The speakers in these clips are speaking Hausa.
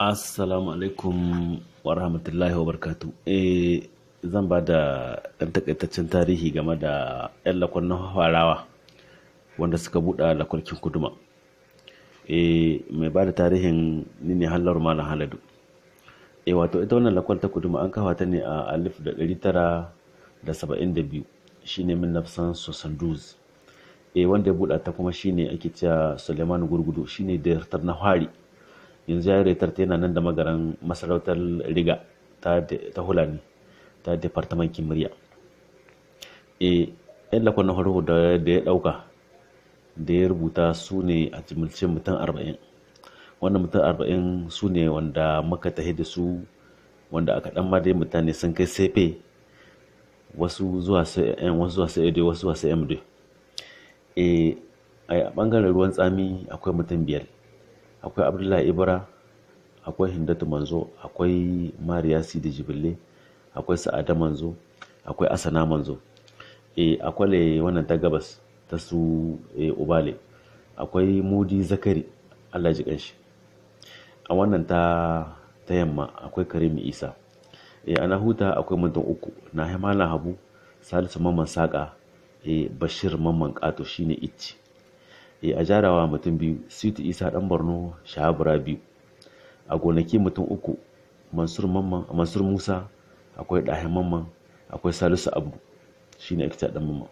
assalamu alaikum wa rahmatullahi wa barkatu eh zan ba da ɗan takaitaccen tarihi game da 'yan lakon na farawa wanda suka buɗa lakwarkin kuduma eh mai ba da tarihin ni ne hallar malam haladu eh wato ita wannan lakwar ta kuduma an kafa ta ne a alif da ɗari tara da saba'in da biyu shine min nafsan sosanduz eh wanda ya buɗa ta kuma shine ake cewa suleiman gurgudu shine da na fari yanzu ya retar yana nan da magaran masarautar riga ta hulani ta departamentin murya e yan lakon na horo da ya dauka da ya rubuta su ne a jimilce mutum arba'in wannan mutum arba'in su ne wanda muka tahi da su wanda aka dan dai mutane sun kai sefe wasu zuwa cn eh, wasu zuwa cad wasu zuwa cmd e, a bangaren ruwan tsami akwai mutum biyar akwai abdullahi ibra akwai hindatu manzo akwai mariya da jibille akwai sa'ada manzo akwai asana manzo e akwai wannan ta gabas ta su e, ubale akwai mudi zakari allah ji kanshi a wannan ta ta yamma akwai karim isa e eh, ana huta akwai mutum uku na himala habu salisu mamman saƙa e, bashir mamman kato shine icci e a jarawa mutum biyu situ isa dan borno shahabura biyu. a gonaki mutum uku mansur mamman mansur musa akwai ɗahin mamman akwai salisu abu shine ake ɗan mamman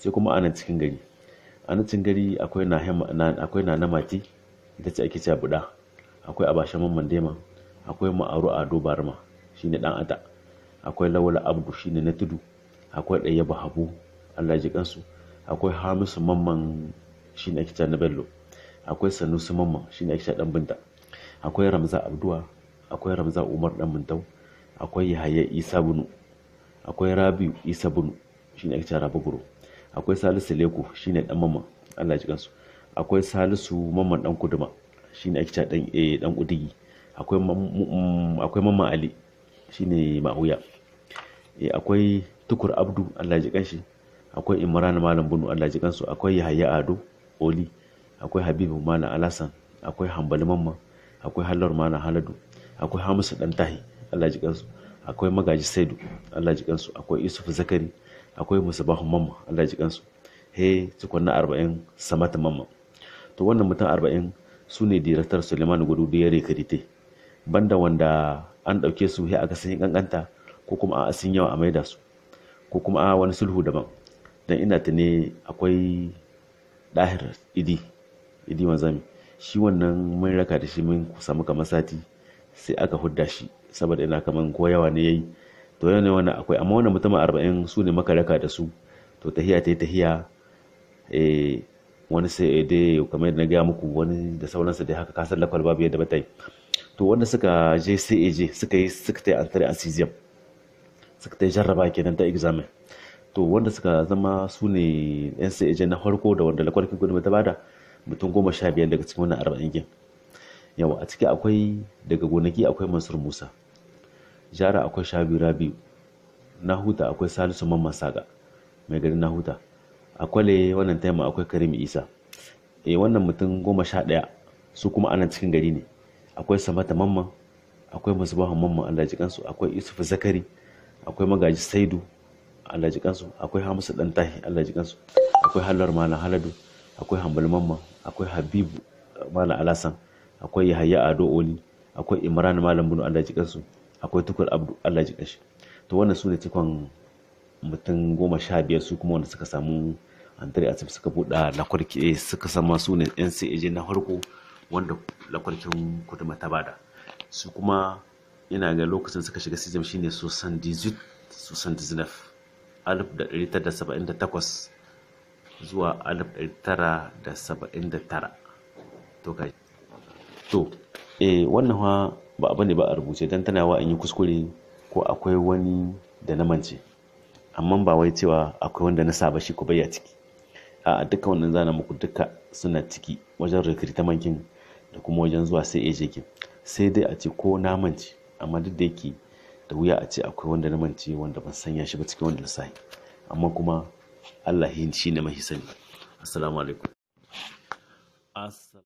sai kuma a nan cikin gari a nan cikin gari akwai na na mati ita ce ake buɗa akwai abasha mamman dema akwai ma'aru ado barma shine ɗan ata akwai lawala abdu shine na tudu akwai ɗaya habu allah ji kansu akwai hamisu mamman shi ne ake na bello akwai sanusi mamman shi ne ake dan binta akwai ramza abduwa akwai ramza umar dan mintau akwai yahaya isa bunu akwai rabiu isa bunu shi ne ake rabu guru akwai salisu leku shi ne dan mamman allah ji kansu akwai salisu mamman dan kuduma shi ne ake dan eh dan kudigi akwai mm, akwai mamman ali shi ne ma'uya eh, akwai tukur abdu allah ji kanshi akwai imran malam bunu allah ji kansu akwai yahaya ado oli akwai habibu mana alasan akwai hambali mamman akwai hallar mana haladu akwai hamisu dan tahi allah ji kansu akwai magaji saidu allah ji kansu akwai yusuf zakari akwai musabahu mamman allah ji kansu he tukunna arba'in samata mamman to wannan mutum arba'in su ne diraktar suleiman gudu da ya ban banda wanda an ɗauke su he aka sun kankanta ko kuma a asin yawa a maida su ko kuma a wani sulhu daban dan ina ta ne akwai ɗahir idi idi wanzami shi wannan mun raka da shi mun samu kamar sati sai aka hudda shi saboda ina kaman ko yawa ne yayi to yau ne wannan akwai amma wannan mutumin arba'in su ne maka raka da su to tahiya ta tahiya eh, wani sai dai kamar na gaya muku wani da sauransa dai haka kasar lakwal babu yadda batai to wanda suka je sai je suka yi suka ta yi antare suka ta jarraba kenan ta examen to wanda suka zama su ne yan sai na farko da wanda lakwar kin ta bada mutum goma sha biyar daga cikin wannan arba'in gin yawa a ciki akwai daga gonaki akwai mansur musa jara akwai shabi rabiu nahuta akwai salisu mamman saga mai garin nahuta akwai wannan taima akwai karimi isa e wannan mutum goma sha ɗaya su kuma ana cikin gari ne akwai samata mamman akwai musbahan mamman allah kansu akwai yusuf zakari akwai magaji saidu Allah ji kansu akwai Hamisu dan tahi Allah ji kansu akwai Hallar Malam Haladu akwai Hambal Mamma akwai Habibu eh, Malam Alasan akwai Yahaya Ado Oli akwai Imran Malam Bunu Allah ji kansu akwai Tukur Abdu Allah ji kanshi to wannan su ne cikon mutum goma sha biyar su kuma wanda suka samu antare a suka buɗa lakwarki eh, suka sama su ne yan sai na farko wanda lakwarkin kuduma ta bada su kuma yana ga lokacin suka shiga season shine 78 79 1978 zuwa 1979 to kai to eh wannan ha ba abu ne ba a rubuce don tana wa in yi kuskure ko akwai wani da na mance amma ba wai cewa akwai wanda na saba shi ko a ciki a duka wannan zana muku duka suna ciki wajen recruitment da kuma wajen zuwa sai ejekin sai dai a ce ko na mance amma duk da yake da wuya a ce akwai wanda na mance wanda ban sanya shi ba cikin wanda na lissahi amma kuma Allah shi ne mahi sani assalamu alaikum